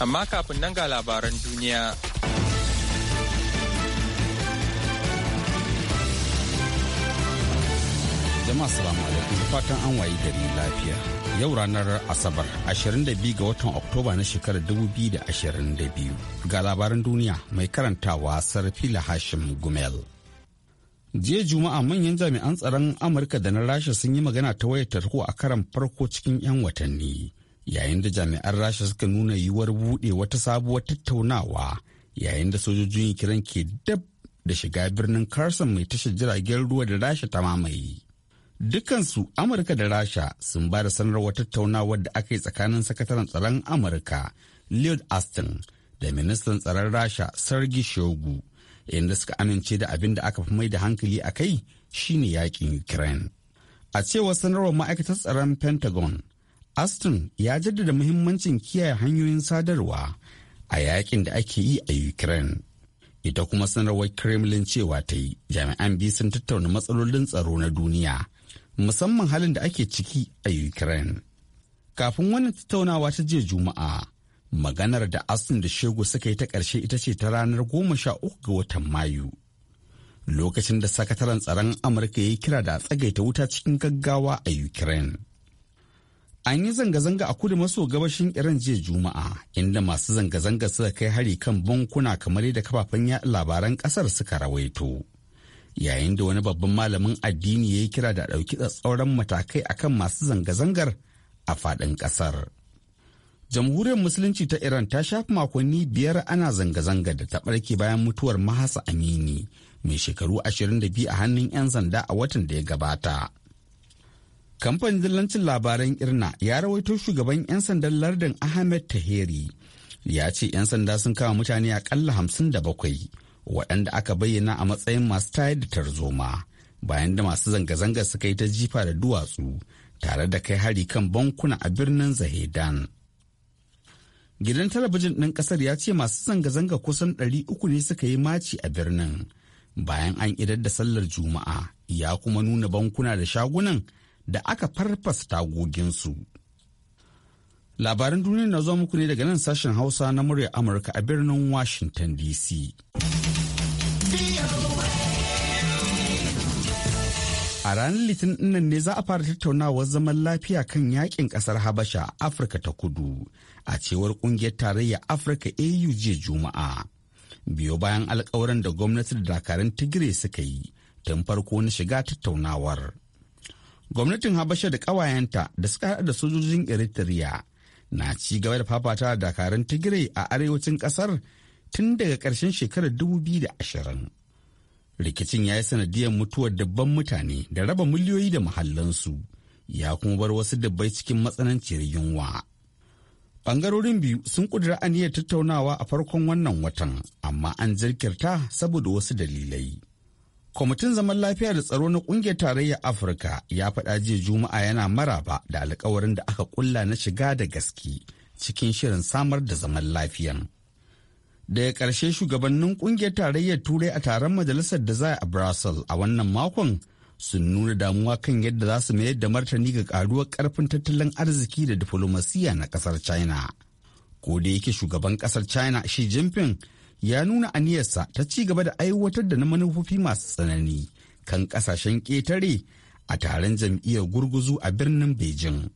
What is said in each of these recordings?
amma kafin nan ga labaran duniya. Jama'a salamu alaikum fatan an wayi gari lafiya. Yau ranar Asabar 22 ga watan Oktoba na shekarar 2022 ga labaran duniya mai karantawa Sarfila Hashim Gumel. jiya juma'a manyan jami'an tsaron amurka da na rasha sun yi magana ta wayar tarko a karan farko cikin 'yan watanni yayin da jami'an rasha suka nuna yiwuwar buɗe wata sabuwar tattaunawa yayin da sojojin kiran ke dab da shiga birnin Carson mai tashar jiragen ruwa da rasha ta mamaye. Dukansu Amurka da Rasha sun ba da sanarwar tattaunawar da aka yi tsakanin sakataren tsaron Amurka Lloyd Austin da ministan tsaron Rasha Sergei Shogu inda suka amince da abin da aka fi mai da hankali a kai shine yakin Ukraine. A cewar sanarwar ma'aikatar tsaron Pentagon, Aston ya jaddada muhimmancin kiyaye hanyoyin sadarwa a yakin da ake yi a Ukraine. Ita kuma sanarwar Kremlin cewa ta yi jami'an biyu sun tattauna matsalolin tsaro na duniya, musamman halin da ake ciki a Ukraine. Kafin wannan tattaunawa ta jiya Juma'a, maganar da Aston da Shego suka yi ta ƙarshe ita ce ta ranar goma sha uku ga watan Mayu. Lokacin da sakataren tsaron Amurka ya yi kira da a tsagaita wuta cikin gaggawa a Ukraine. An yi zanga-zanga a kudu maso gabashin Iran jiya Juma'a, inda masu zanga-zanga suka kai hari kan bankuna kamar yadda kafafen yaɗa labaran ƙasar suka rawaito. Yayin da wani babban malamin addini ya yi kira da ɗauki tsatsauran matakai akan masu zanga-zangar a faɗin ƙasar. Jamhuriyar Musulunci ta Iran ta shafi makonni biyar ana zanga-zanga da ta ɓarke bayan mutuwar Mahasa Amini, mai shekaru ashirin da biyu a hannun 'yan sanda a watan da ya gabata. Kamfanin dillancin labaran Irna ya rawaito shugaban 'yan sandan lardin Ahmed Taheri ya ce 'yan sanda sun kama mutane akalla hamsin da bakwai waɗanda aka bayyana a matsayin masu tayar da tarzoma bayan da masu zanga-zanga suka yi ta jifa da duwatsu tare da kai hari kan bankuna a birnin Zahedan. Gidan talabijin ɗin ƙasar ya ce masu zanga-zanga kusan 300 ne suka yi maci a birnin bayan an idar da sallar Juma'a ya kuma nuna bankuna da shagunan da aka farfas tagoginsu. Labaran duniya na zuwa muku ne daga nan sashen Hausa na murya Amurka a birnin Washington DC. A ranar Litinin nan ne za a fara tattaunawar zaman lafiya kan yakin kasar Habasha a Afirka ta kudu a cewar kungiyar tarayya Afirka AU jiya Juma'a. Biyo bayan alkawaran da gwamnati da dakarun Tigray suka yi tun farko na shiga tattaunawar. gwamnatin habasha da ƙawayenta da suka hada da sojojin eritrea na ci gaba da fafata da dakarun tigray a arewacin ƙasar tun daga ƙarshen shekarar 2020 rikicin ya yi sanadiyar mutuwar dabban mutane da raba miliyoyi da mahallansu ya kuma bar wasu dabbai cikin matsananciyar yunwa Bangarorin biyu sun kudura aniyar tattaunawa a farkon wannan watan amma an jirkirta saboda wasu dalilai. kwamitin zaman lafiya da tsaro na kungiyar tarayyar afirka ya faɗa jiya juma'a yana maraba da alkawarin da aka kulla na shiga da gaske cikin shirin samar da zaman lafiyan daga ƙarshe shugabannin ƙungiyar tarayyar turai a taron majalisar da za a brussels a wannan makon sun nuna damuwa kan yadda za su mayar da martani ga ƙaruwar karfin tattalin arziki da diflomasiya na ƙasar china ko da yake shugaban ƙasar china shi jinping ya nuna aniyarsa ta ci gaba da aiwatar da na manufofi masu tsanani kan kasashen ƙetare a taron jam'iyyar gurguzu a birnin Beijing.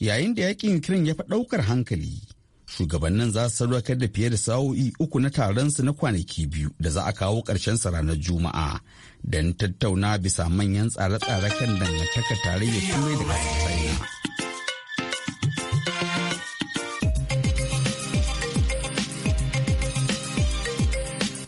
Yayin da yaƙin kiran ya fi ɗaukar hankali, shugabannin za su sadaukar da fiye da sa'o'i uku na taron su na kwanaki biyu da za a kawo ƙarshen sa ranar Juma'a don tattauna bisa manyan tsare-tsare kan dangantakar tarayyar Turai da Kasashen.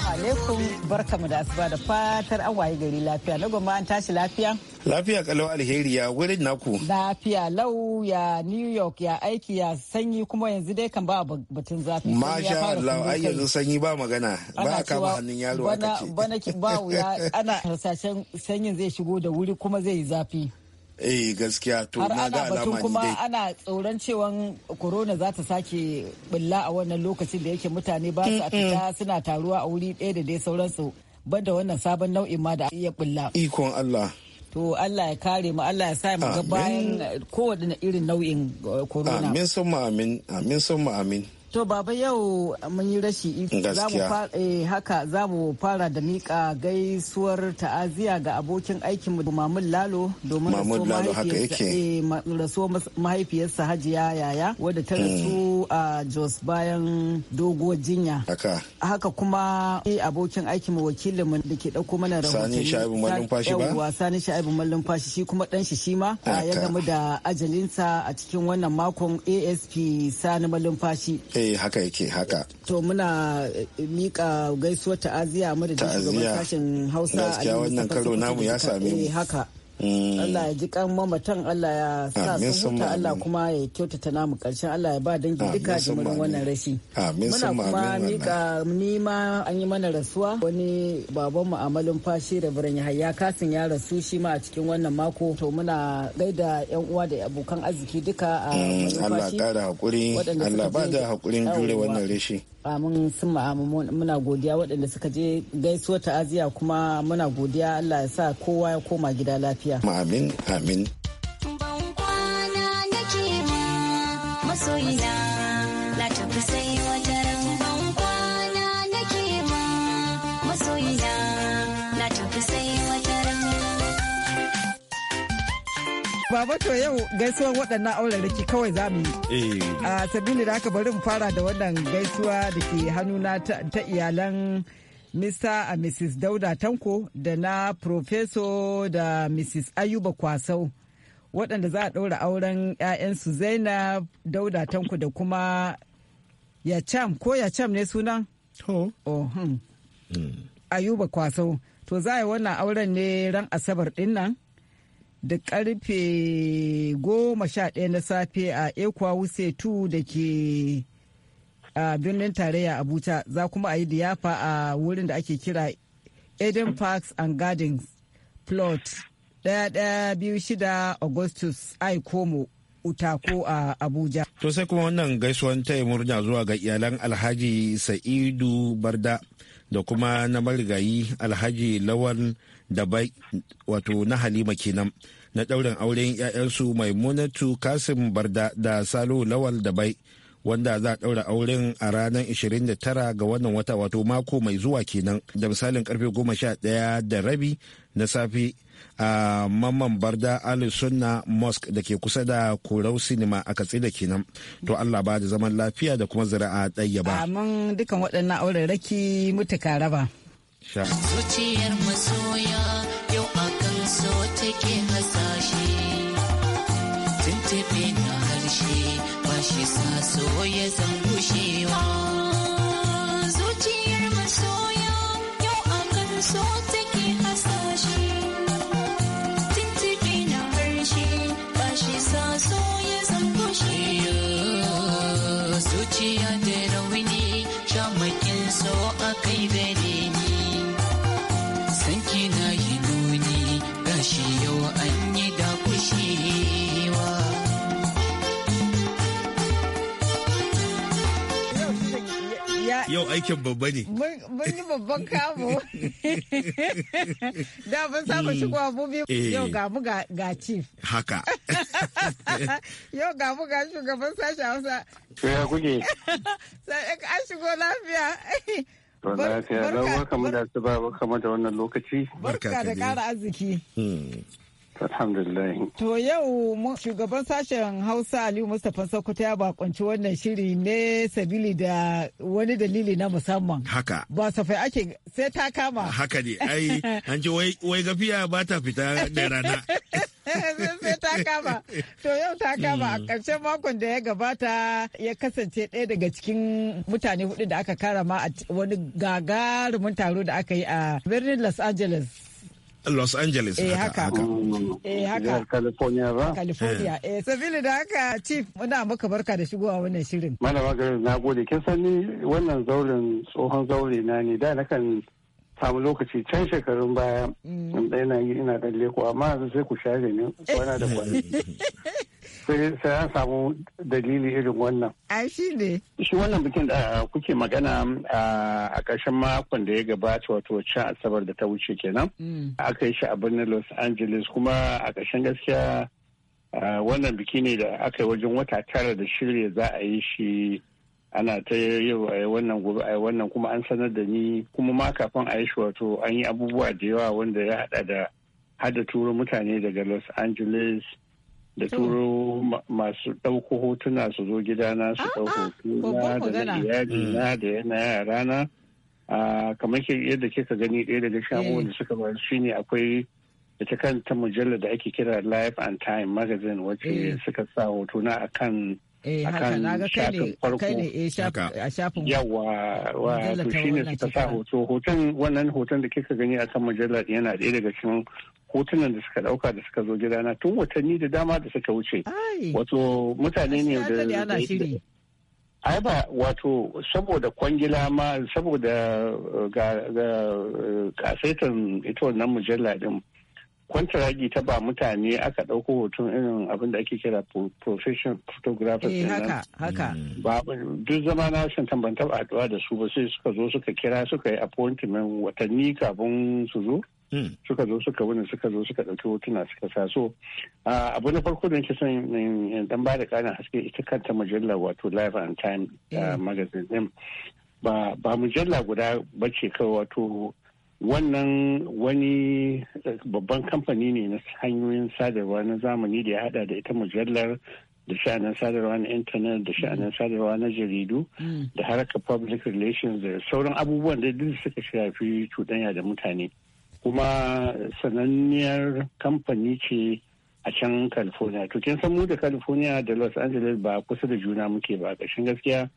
Assalamu alaikum barkamu da asuba da fatar an waye gari lafiya na goma an tashi lafiya. Lafiya kalau alheri ya wurin naku. Lafiya lau ya New York ya aiki ya sanyi kuma yanzu dai kan ba batun zafi. Masha Allah ai yanzu sanyi ba magana ba a kama hannun yaro a kace. Bana ba wuya ana harsashen sanyin zai shigo da wuri kuma zai yi zafi. eh gaskiya to na ga alama ne kuma ana tsoron cewa corona za ta sake bulla a wannan lokacin da yake mutane ba su fita suna taruwa a wuri ɗaya da dai sauransu banda wannan sabon nau'in ma da iya bulla ikon Allah to Allah ya kare mu Allah ya sa mu ga bayan kowanne irin nau'in eh, corona amin sun amin amin sun amin To baba yau mun yi rashi iko eh, haka za mu fara da mika gaisuwar ta'aziya ga abokin aikin mu Mamun Lalo domin rasuwar eh, mahaifiyarsa Hajiya Yaya wadda ta hmm. rasu a Jos bayan dogo jinya. Haka kuma eh, abokin aikin mu wakilin mu da ke dauko mana rahotanni. Sani Sha'ibu Mallumfashi ba? Sani shi kuma dan shi shi ma ya gamu da ajalinsa a cikin wannan makon ASP Sani Fashi. eh haka yake haka to muna eh, mika gaisuwar ta'aziya mu da shugaban sashen Hausa gaskiya wannan karo namu ya same mu eh, haka Allah ya eh. ji kan mamatan Allah ya sa sun huta Allah kuma ya kyautata namu karshen Allah ya ba dangi duka jimirin wannan rashi. Muna kuma mika nima an yi mana rasuwa wani baban mu amalin fashi da biran Yahaya Kasin ya rasu shi ma a cikin wannan mako to muna gaida yan uwa da abokan arziki duka a wani mm, fashi. Allah ba da hakurin jure wannan rashi. amin ah, sun ma'amu ah, muna godiya waɗanda suka je gaisuwa ta'aziya kuma muna godiya Allah ya sa kowa ya koma gida lafiya. Amin amin. baba to yau gaisuwan waɗannan aurariki kawai za mu yi. Eh. A sabili da aka bari mu fara da wannan gaisuwa da ke hannuna ta iyalan Mr. and Mrs. Dauda Tanko da na Professor da Mrs. Ayuba Kwasau. Waɗanda za a ɗaura auren 'ya'yansu Zainab Dauda Tanko da kuma Yacham ko Yacham ne Ho. Oh. Hmm. Hmm. Ayuba Kwasau. To za a yi wannan auren ne ran Asabar ɗin nan. da karfe goma sha ɗaya na safe a ekwa wuse 2 da ke a birnin tarayya abuja za kuma a yi liyafa a wurin da ake kira eden parks and gardens plot ɗaya ɗaya biyu shida augustus ai komo utako a abuja to sai kuma wannan gaisuwan taya murna zuwa ga iyalan alhaji sa'idu barda da kuma na marigayi alhaji lawan da bai wato na halima kenan na ɗaurin auren 'ya'yansu maimunatu kasim barda da salo lawal da bai wanda za a ɗaura auren a ranar 29 ga wannan wata wato mako mai zuwa kenan da misalin karfe 11 da rabi na safe a mamman barda ali sunna mosque da ke kusa da korau sinima a katse da kenan to allah ba da zaman lafiya da kuma zira'a ɗayyaba amin dukan waɗannan auren raki mutuka raba sha zuciyar masoya yau kan so take hasashe tuntube na harshe ba shi sa so ya zan gushewa aikin babba ne. Mun yi babban kamo. Da ban samu mm. shigo abubuwa eh. yau ga mu ga chief. Haka. Yau ga mu ga shugaban sashi Hausa. Ya kuke. Sai an shigo lafiya. To lafiya lau barka da su ba barka da wannan lokaci. Barka da kara arziki. Hmm. Alhamdulillah. To yau shugaban sashen Hausa Aliyu Mustapha Sokoto ya bakunci wannan shiri ne sabili da wani dalili na musamman. Haka. Ba safai ake sai ta kama. Haka ne, ai, an ce wai gafiya ba ta fita da rana. sai ta kama. To yau ta kama a mm. ƙarshen makon da ya gabata ya kasance ɗaya daga cikin mutane hudu da aka karama a wani gagarumin taro da aka yi a birnin Los Angeles. Los Angeles eh, haka. haka. Eh haka. California ba. California. Eh. eh sabili da haka chief muna maka barka da shigowa wannan shirin. Malama Grace na gode kin sani wannan zauren tsohon zaure na ne da nakan samu lokaci can shekarun baya mm. da yana yi ina dan lekuwa amma yanzu sai ku share ne kwana da kwana sai an samu dalili irin wannan a shi ne shi wannan bikin da kuke magana a ƙarshen makon da ya gabata wato can asabar da ta wuce kenan mm. aka yi shi a birnin los angeles kuma a ƙarshen gaskiya wannan biki ne da aka yi wajen wata tara da shirya za a yi shi ana ta yau a wannan gobe a wannan kuma an sanar da ni kuma ma kafin a yi shi wato an yi abubuwa da yawa wanda ya hada da hada turo mutane daga los angeles da turo masu ɗauko hotuna su zo gidana su ah, ɗauko ah, hotuna da na na mm. da yana yara na ah, kamar yadda kika gani ɗaya daga shamu da eh. suka ba ne akwai ita kanta mujallar da ake kira life and time magazine wacce eh. suka sa hotuna akan eh haka naga eh, suka sa hoto hoton wannan hoton da kika gani a kan mujallar yana ɗaya daga cikin hotunan da suka dauka da suka zo gidana tun watanni da dama da suka wuce wato mutane ne da ai ba wato saboda kwangila ma saboda eh, ga eh, kasaitan ita wannan mujalla din kwantaragi ta ba mutane aka ɗauko hoton irin abin da ake kira profession photographer eh, haka haka mm. ba duk zama na san tambanta taba haɗuwa da su ba sai suka zo suka kira suka yi appointment watanni kafin su zo mm. suka zo suka wani suka zo suka ɗauki hotuna suka sa so abu na farko da yake son dan ba da ƙarin haske ita kanta mujallar wato life and time uh, eh. magazine ba mujalla guda bace kawai wato wannan wani eh, babban kamfani ne na hanyoyin sadarwa na zamani da ya hada da ita mujallar da sha'anin sadarwa na intanet da sha'anin sadarwa na jaridu mm. da haraka public relations da sauran abubuwan da duk suka shafi cuɗanya da mutane kuma sananniyar kamfani ce a can california to kin san mu da california da los angeles ba kusa da juna muke ba a ƙarshen gaskiya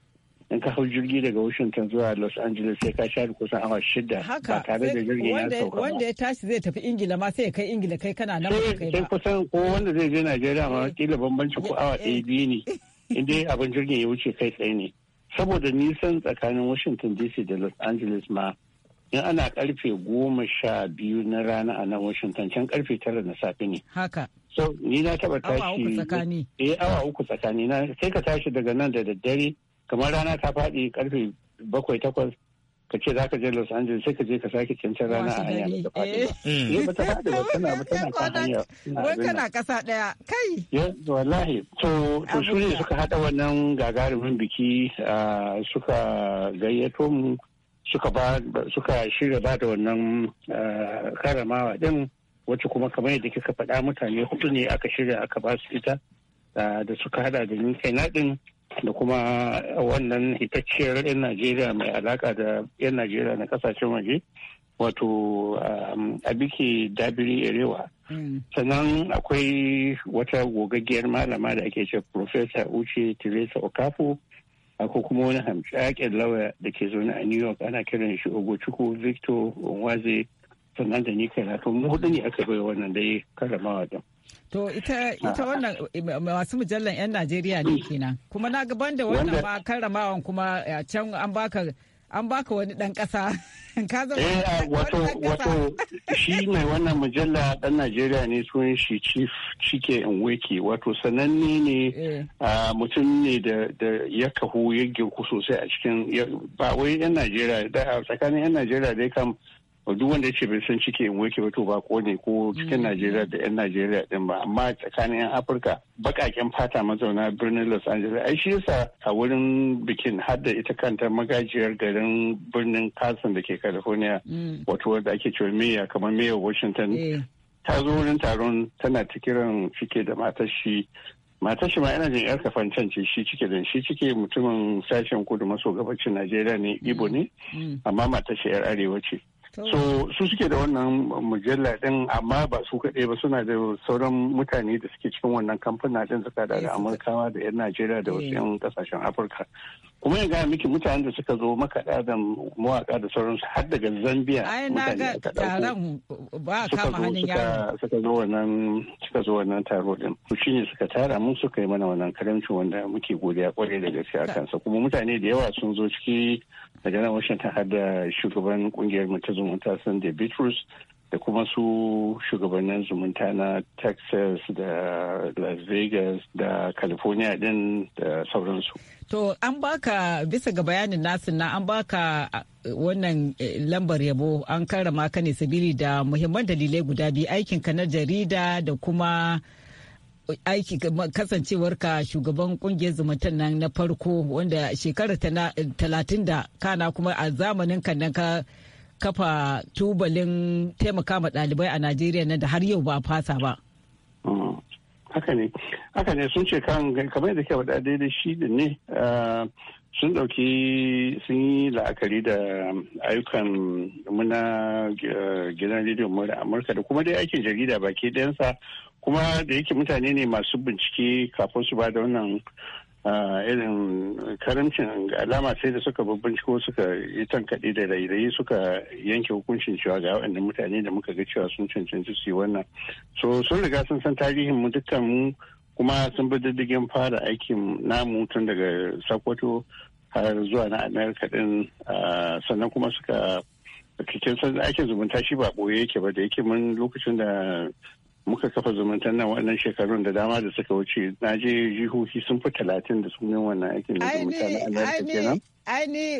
in ka hau jirgi daga washington zuwa los angeles sai ka share kusan awa shida ba tare da jirgin ya sauka wanda ya tashi zai tafi ingila ma sai ya kai ingila kai kana nan kai ba sai kusan ko wanda zai je najeriya ma eh. kila bambanci ko awa eh. ɗaya biyu ne in dai abin jirgin ya wuce kai tsaye ne saboda nisan tsakanin washington dc da los angeles ma in ana karfe goma sha biyu na rana a nan washington can karfe tara na safe ne haka so ni na taba tashi awa uku tsakani eh awa uku tsakani na sai ka tashi daga nan da daddare kamar rana ta faɗi karfe bakwai takwas ka ce za ka je Los Angeles sai ka je ka sake cancan rana a hanya da ta faɗi ba. Eh, ba ta faɗi ba tana ba tana kan hanya. ɗaya kai. to to su ne suka haɗa wannan gagarumin biki suka gayyato mu suka ba suka shirya ba da wannan karamawa din wacce kuma kamar yadda kika faɗa mutane hudu ne aka shirya aka ba su ita da suka hada da ni kai na din da kuma wannan hitacciyar 'yan najeriya mai alaka da 'yan najeriya na kasashen waje wato um, abike dabiri erewa hmm. sannan akwai wata gogaggiyar malama da ake ce profesa uche teresa okafu ko kuma wani hamshakin lauya da ke zaune a new york ana kiran shi ogochukwu victor onwaze sannan da ni karatu mu hudu ne aka bai wannan dai karamawa din To ita ita wannan masu mujallan 'yan Najeriya ne kenan. Kuma na gaban da wannan ba karramawan kuma a eh, can an baka an baka wani dan kasa. Ka zama eh wato wato shi mai wannan mujalla dan Najeriya ne sunan shi Chief Chike Nweke wato sananne ne eh. ah, mutum ne da da ya kahu ya girku sosai a cikin ba wai 'yan Najeriya da tsakanin 'yan Najeriya dai kam duk wanda ya ce bai san cike in wake ba to ba ko ne ko cikin mm. najeriya da yan najeriya din ba amma tsakanin yan afirka bakaken fata mazauna birnin los angeles ai shi yasa a wurin bikin har da ita kanta magajiyar garin birnin Carson da ke california mm. wato wanda ake cewa meya kamar meya washington eh. ta zo wurin taron tana ta kiran cike da matar shi matar shi ma yana jin yar kafan can ce shi cike da shi cike mutumin sashen kudu maso gabacin najeriya ne ibo ne mm. amma matar shi yar arewa ce so su suke da wannan mujalla din amma ba su kaɗai ba suna da sauran mutane da suke cikin wannan kamfana din suka da eh, amurkawa da yan najeriya da wasu yan eh. kasashen afirka kuma ya gaya miki mutanen da suka zo makaɗa da mawaƙa da sauransu har daga zambia mutane suka ɗauko suka zo wannan suka zo wannan taro din to shine suka tara mun suka yi mana wannan karamcin wanda muke godiya kwarai da gaske a kansa kuma mutane da yawa sun zo ciki daga nan washin ta hada shugaban kungiyar mata zumunta sunday bitrus da kuma su shugabannin zumunta na texas da las vegas da california din da sauransu to an baka bisa ga bayanin nasu na an baka wannan e, lambar yabo an karama ka ne sabili da muhimman dalilai guda biyu aikinka na jarida da kuma aiki kasancewar ka shugaban kungiyar zumuntan nan na farko wanda shekara talatin da kana kuma a zamanin kan nan ka kafa tubalin taimaka ma ɗalibai a najeriya nan da har yau ba fasa ba mm. haka ne sun ce kan kamar da ke faɗa daidai shi da ne uh, sun ɗauki sun yi la'akari da ayyukan muna uh, gidan rediyon amurka da kuma dai aikin jarida baki ɗayansa kuma da yake mutane ne masu bincike kafin su ba da wannan irin karamcin alama sai da suka binciko suka yi tankaɗe da rairayi suka yanke hukuncin cewa ga waɗannan mutane da muka ga cewa sun cancanci su yi wannan so sun riga sun san tarihin mu dukkan mu kuma sun bi diddigin fara aikin namu tun daga sakwato har zuwa na amerika din sannan kuma suka cikin aikin zumunta shi ba ɓoye yake ba da yake mun lokacin da muka kafa zumuntar nan waɗannan shekarun da dama da suka wuce na je jihohi sun fi talatin da sunan wannan aikin da zumunta na Aini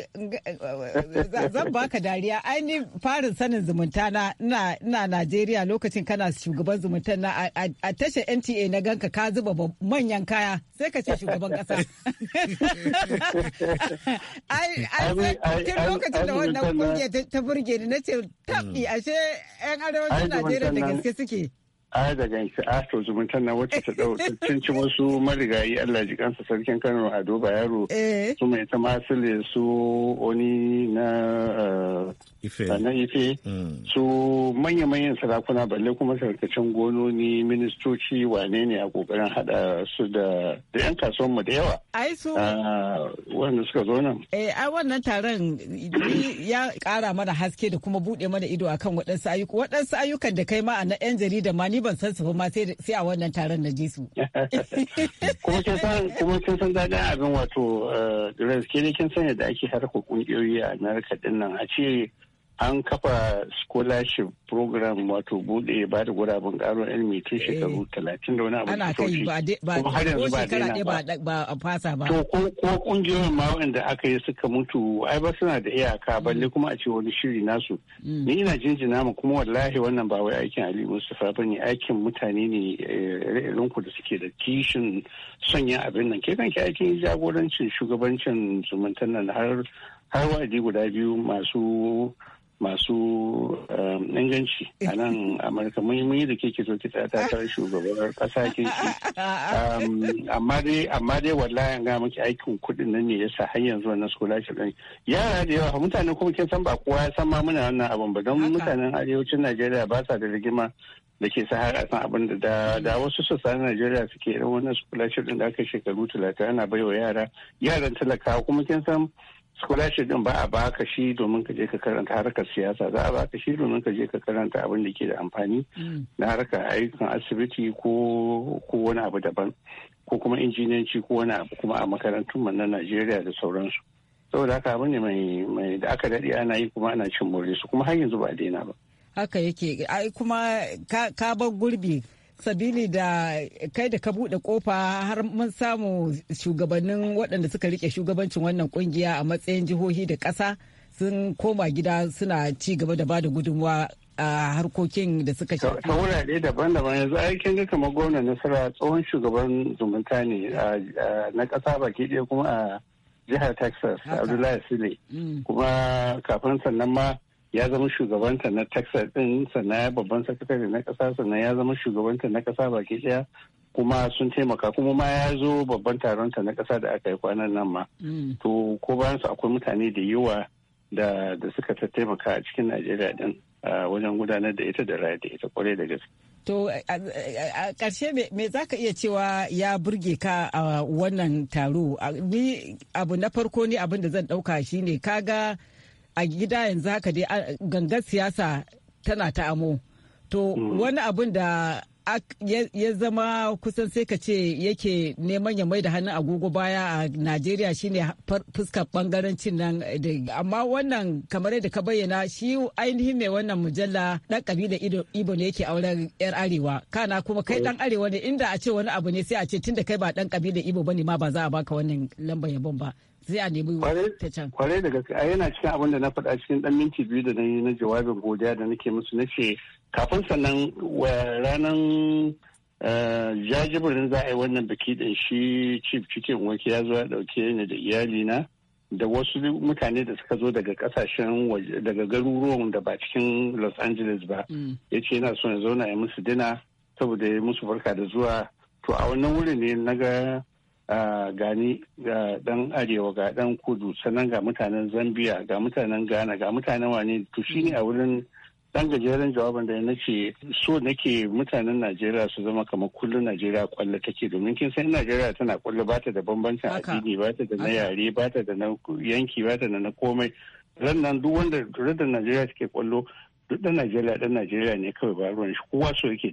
zan baka dariya aini farin sanin zumunta na na Najeriya lokacin kana shugaban zumunta na a tashar NTA na ganka ka zuba manyan kaya sai ka ce shugaban kasa. Ai tun lokacin da wannan kungiyar ta burge ni na ce tabi hmm. ashe 'yan arewacin Najeriya da gaske suke. agagan shi ato zumuntar na wacce ta dau cinci wasu marigayi Allah ji kansa sarkin Kano Ado Bayero eh. su mai ta masile su oni na eh, na ife hmm. su manya manyan sarakuna balle kuma sarkacin gononi ministoci wane ne a kokarin hada su da da yan kasuwan mu da yawa ai su ah, wanda suka zo nan eh ai wannan taron ya kara mana haske da kuma bude mana ido akan waɗansu ayyuka waɗansu ayyukan da kai ma a na yan jarida ma ni ban san su ma sai a wannan taron na ji su. Kuma kin san abin wato eh, gaske ne kin san yadda ake harkar kungiyoyi a narkar din nan a ce an kafa scholarship program wato bude ba da guraben karon ilimi tun eh. shekaru talatin da wani abu ana kai ba har yanzu ba ba a fasa ba to ko ko kungiyoyin ma wanda aka yi suka mutu ai ba suna da iyaka mm. balle kuma a ce wani shiri nasu mm. ni ina jinjina mu kuma wallahi wannan ba wai aikin Ali Mustafa bane aikin mutane ne eh, irin ku da suke da kishin sanya abin nan ke kanki aikin jagorancin shugabancin zumuntan nan har har wa'adi guda biyu masu masu um, inganci a nan amurka mun yi da ke ke zo ta takarar shugabar kasa ke um, amma dai amma dai wallahi ga muke aikin kuɗi nan ne yasa har yanzu wannan scholarship din yara da yawa mutane kuma kin san ba kowa ya san ma muna wannan abun ba don mutanen arewacin Najeriya ba sa da rigima da ke sahara san abin da da wasu sassan Najeriya suke irin wannan scholarship din da aka shekaru talatin ana baiwa yara yaran talakawa kuma kin san scholarship din ba a baka shi domin ka je ka karanta harkar siyasa za a baka shi domin ka je ka karanta abin da ke da amfani mm. na harkar ayyukan asibiti ko wani abu daban ko kuma injiniyanci ko wani abu kuma a makarantun man na Najeriya da sauransu saboda haka abu ne mai da aka daɗi ana yi kuma ana cin su kuma har yanzu ba daina ba haka yake ai kuma ka bar gurbi sabili da kai da ka buɗe kofa har mun samu shugabannin waɗanda suka rike shugabancin wannan kungiya a matsayin jihohi da ƙasa sun koma gida suna ci gaba da bada gudunmawa a harkokin da suka shi. Ta wurare daban-daban yanzu aikin ga kamar gwamna nasara tsohon shugaban zumunta ne na ƙasa baki ɗaya kuma a jihar Texas Abdullahi Sile mm. kuma kafin sannan ma ya zama shugabanta na texas din sannan ya babban sakatare na kasa sannan ya zama shugabanta na kasa baki daya kuma sun taimaka kuma ma ya zo babban taronta na kasa da aka yi kwanan nan ma mm. to ko bayan su akwai mutane da yawa da da suka taimaka a cikin najeriya din wajen gudanar da ita da raya da ita kwarai da gaske To a ƙarshe me za ka iya cewa ya burge ka a wannan taro? Ni abu na farko ne abin da zan ɗauka shine kaga a gida yanzu haka dai gangar siyasa tana ta amo to mm. wani abin da ya zama kusan sai ka ce yake neman ya mai da hannun agogo baya a najeriya shine fuskar bangarancin nan eh, amma wannan kamar yadda ka bayyana shi ainihin mai wannan mujalla dan kabila ibo ne yake auren yar arewa kana kuma kai dan mm. arewa ne inda a ce wani abu ne sai a ce tunda kai ba dan kabila ibo ne ma ba za a baka wannan lambar yabon ba zai a nemi ta can. Kwarai da gaske yana cikin abin da na faɗa cikin ɗan minti biyu da na yi na jawabin godiya da nake musu na ce kafin sannan ranar eh, jajibirin za a yi wannan biki ɗin shi chief cikin wake ya zo ɗauke ni da iyali na da wasu mutane da suka zo daga kasashen waje daga garuruwan da ba cikin los angeles ba mm. ya ce yana so ya zauna ya musu dina saboda ya musu barka da zuwa to a wannan wuri ne na ga gani ga dan arewa ga dan kudu sannan ga mutanen zambia ga mutanen ghana ga mutanen wane to ne a wurin dan gajeren jawabin da nake so nake mutanen najeriya su zama kamar kullum najeriya kwallo take domin kin san najeriya tana kwallo bata da bambancin addini bata da na yare bata da na yanki bata da na komai rannan duk wanda radar najeriya take kwallo duk dan najeriya dan najeriya ne kawai ba ruwan shi kowa so yake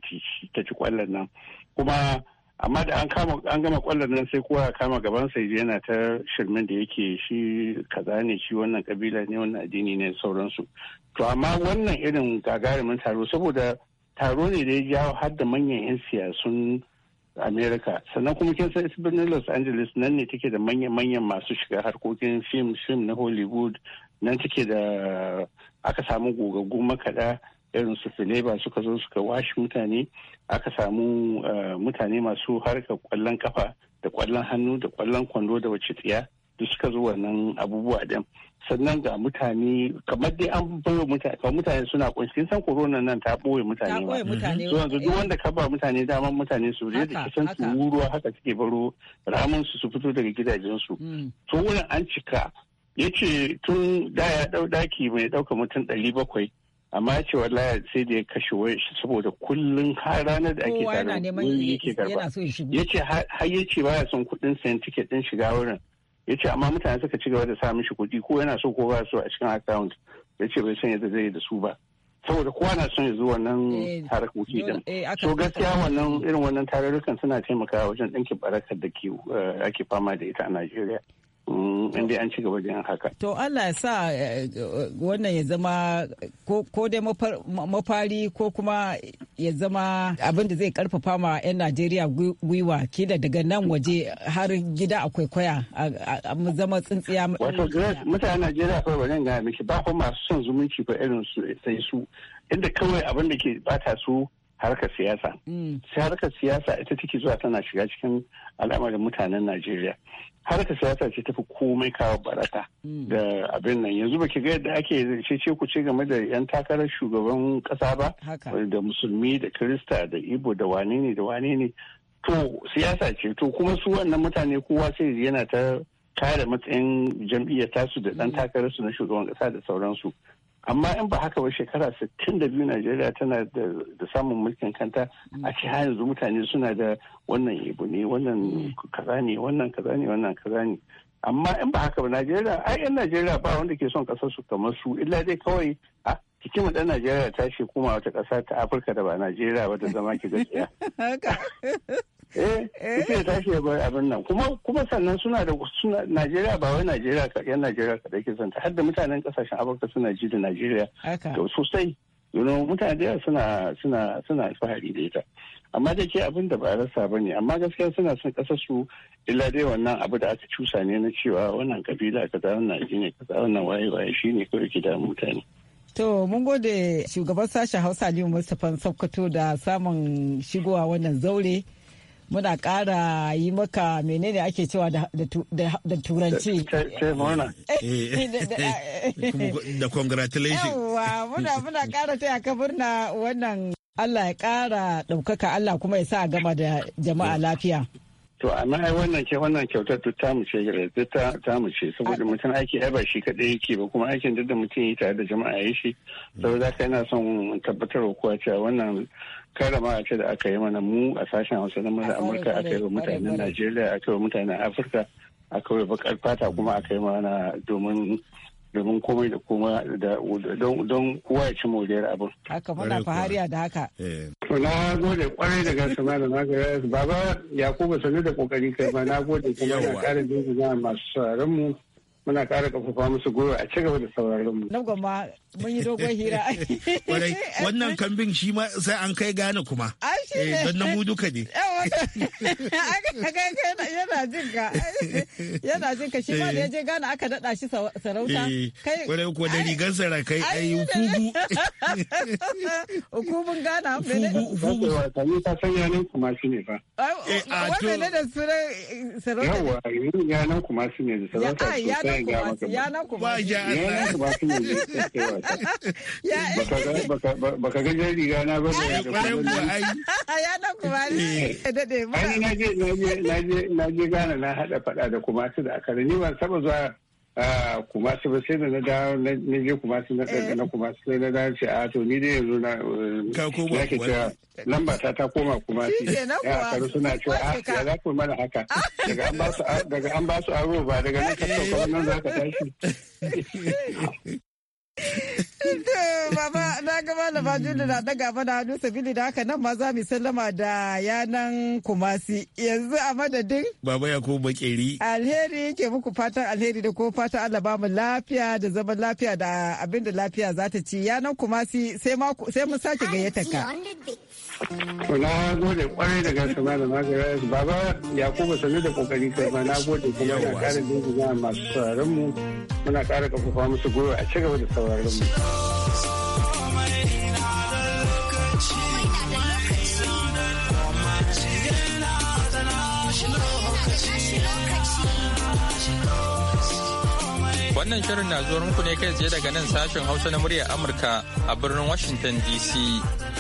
ta ci kwallon nan kuma amma da an kama an gama kwallon nan sai kowa ya kama gaban sai yana ta shirmin da yake shi kaza ne shi wannan kabila ne wannan addini ne sauransu to amma wannan irin gagarumin taro saboda taro ne da ya jawo har da manyan 'yan siyasun america sannan kuma kin san birnin los angeles nan ne take da manyan-manyan masu shiga harkokin fim fim na hollywood nan take da aka samu gogaggu makaɗa irin su fileba suka zo suka washe mutane aka samu eh, mutane masu harkar kwallon kafa da kwallon hannu da kwallon kwando da wace tsiya duk suka zo wannan abubuwa din sannan ga mutane kamar dai an bayo mutane kamar mutane suna kunshi san korona nan ta boye mutane ba so yanzu duk wanda ka ba mutane daman mutane su je da kisan su ruwa haka suke baro ramin su su fito daga gidajen su mm. to wurin an cika yace tun da ya dau daki mai dauka mutum ɗari bakwai amma ya ce wallahi sai da ya kashe wani saboda kullun har ranar da ake tare wuri yake karba ya ce har ya ce baya son kuɗin sayan tiket ɗin shiga wurin ya ce amma mutane suka ci gaba da sa mishi kuɗi ko yana so ko ba so a cikin account ya ce bai san yadda zai yi da su ba saboda kowa na son ya zo wannan harkoki eh, din eh, so gaskiya wannan irin wannan tarurrukan suna taimakawa wajen ɗinkin barakar da eh, ake fama da ita a najeriya Mm, in dai an ci gaba da haka. To Allah ya sa eh, wannan ya zama ko dai mafari ko kuma ya zama abin da zai karfafa ma 'yan Najeriya gwiwa kila daga nan waje har gida akwai kwaya a zama tsintsiya. Wato eh, mutane Najeriya kawai ba zan gaya miki ba ko masu son zumunci ba irin su sai su inda kawai abin da ke bata su harkar siyasa. Mm. Sai harkar siyasa ita take zuwa tana shiga cikin al'amarin mutanen Najeriya. Harkar siyasa ce tafi komai kawo baraka mm. da abin nan yanzu baki ga yadda ake ce ku ce game da 'yan takarar shugaban kasa ba da musulmi da kirista da ibo da wane ne da wane ne to siyasa ce to kuma su wannan mutane kowa sai yana ta kare matsayin jam'iyyar tasu da ɗan mm. takararsu na shugaban kasa da sauransu amma in ba haka ba shekara da biyu najeriya tana da samun mulkin kanta mm. a ce har yanzu mutane suna da wannan ibu ne wannan mm. kaza ne wannan kaza ne wannan kaza ne amma in ba haka ba najeriya ai yan najeriya ba wanda ke son kasar su kamar su illa dai kawai a ah, cikin dan najeriya ta shi kuma wata kasa ta afirka da ba najeriya ba da zama ki gaskiya eh suke eh? tashi ya bar abin nan kuma kuma sannan suna da suna Najeriya ba wai Najeriya ka yan Najeriya ka dake zanta har da mutanen kasashen Afirka suna ji da Najeriya to sosai you mutane da suna suna suna alfahari da ita amma da ke abin da ba rasa ba ne amma gaskiya suna son ƙasa su illa dai wannan abu da aka cusa ne na cewa wannan kabila kaza wannan addini kaza wannan waye waye shine kawai ke da mutane To mun gode shugaban sashen Hausa Aliyu Mustapha Sokoto da samun shigowa wannan zaure. muna ƙara yi maka menene ake cewa da turanci. Da congratulations. Yawwa muna ƙara taya ka murna wannan Allah ya ƙara ɗaukaka Allah kuma ya sa gama da jama'a eh. lafiya. To amma ai wannan ce wannan kyautar duk ta mu ce ta ta mu ce saboda mutum aiki ai ba shi kadai yake ba kuma aikin duk da mutum yi tare da jama'a yi shi saboda haka yana son tabbatar wa kowa cewa wannan karama ce da aka yi mana mu a sashen Hausa na mura Amurka aka yi wa mutanen Najeriya aka yi wa mutanen Afirka aka yi bakar fata kuma aka yi mana domin domin komai da koma don kowa ya ci moriyar abin. Haka muna fahariya da haka. Eh. To na gode kwarai da gaske ma da magana baba Yakubu sannu da kokari kai ma na gode kuma ya karin jinjina masu sauraron mu muna ƙara ƙarfafa musu gwiwa a cigaba da sauraron mu. Na gwamma mun yi dogon hira. Wannan kambin shi ma sai an kai gane kuma. Eh, don na mu duka ne. Yana jin ka. Yana jin ka shi ma da ya je gane aka daɗa shi sarauta. Eh, kwarai kuwa da rigar sarakai a yi hukumu. Hukumun gana. Hukumu. Wasanni ta san yanan kuma shi ne ba. Eh, wannan ne da sunan sarauta. Yawwa yanan kuma shi ne da sarauta. zan ga maka ya na riga na ba da ya eh. na ba je na je na je na je gana na hada fada da kuma su da akara ni ban saba zuwa Aa su ba sai da na da na je kuma na eh. na kuma sai na da ce a ah, to ni dai yanzu na ya eh, ke cewa lamba ta ta koma kumasi su ya karu suna cewa ah, a ya za ku mana haka ah. daga an ba su aro ba daga nan ka sauka wannan za ka tashi Baba na ga malama Jule na daga mana hannu sabili da haka nan ma za mu sallama da yanan kumasi yanzu a madadin. Baba ya ko bakeri. Alheri ke muku fatan alheri da ko fatan Allah ba mu lafiya da zaman lafiya da abin da lafiya za ta ci yanan kumasi sai mun sake gayyata ka. Na gode kwarai da gaske ba da magana baba Yakubu sanu da kokari kai ma na gode kuma ya kara dinga masu sauraron mu muna kara kafa musu goro a cigaba da sauraron. sauraron Wannan shirin na zuwa muku ne kai tsaye daga nan sashen Hausa na muryar Amurka a birnin Washington DC.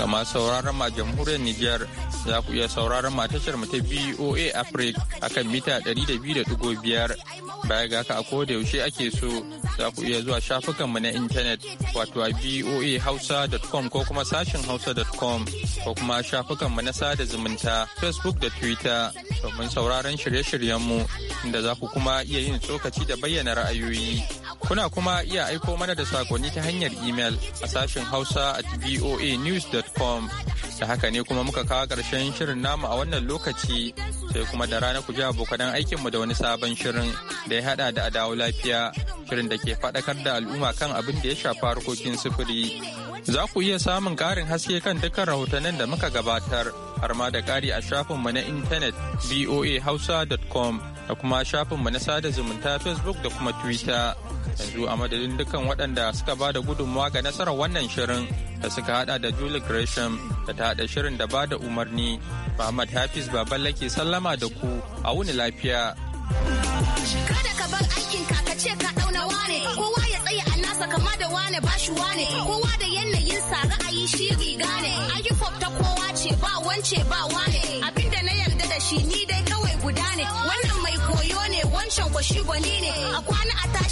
ga masu sauraron ma jamhuriyar Nijar za ku iya sauraron ma tashar mu ta BOA Africa akan mita 200.5 baya ga haka a koda yaushe ake so za ku iya zuwa shafukan mu na intanet wato a boahausa.com ko kuma sashin hausa.com ko kuma shafukan mu na sada zumunta Facebook da Twitter domin sauraron shirye-shiryen mu inda za ku kuma iya yin tsokaci da bayyana ra'ayoyi Kuna kuma iya aiko mana da sakonni ta hanyar imel a sashen Hausa at voanews.com. Da haka ne kuma muka kawo ƙarshen shirin namu a wannan lokaci sai kuma da rana ku ji abokan aikinmu da wani sabon shirin da ya hada da adawo lafiya shirin da ke faɗakar da al'umma kan abin da ya shafa harkokin sufuri. Za ku iya samun ƙarin haske kan dukkan rahotannin da muka gabatar. har ma da ƙari a shafinmu na intanet voahausa.com da kuma shafinmu na sada zumunta facebook da kuma twitter yanzu a madadin dukkan waɗanda suka ba da gudunmawa ga nasarar wannan shirin da suka haɗa da julie gresham da ta haɗa shirin da ba da umarni muhammad hafiz baballe ke sallama da ku a wuni lafiya kada ka bar aikin ka ce ka ɗauna wane sa kama da wane ba shi wane kowa da yanayin sa ra'ayi shi riga ne ayyukan ta kowa ce ba wance ba wane abinda na yarda da shi ni dai kawai guda ne wannan mai koyo ne wancan kwashi gwani ne a kwana a tashi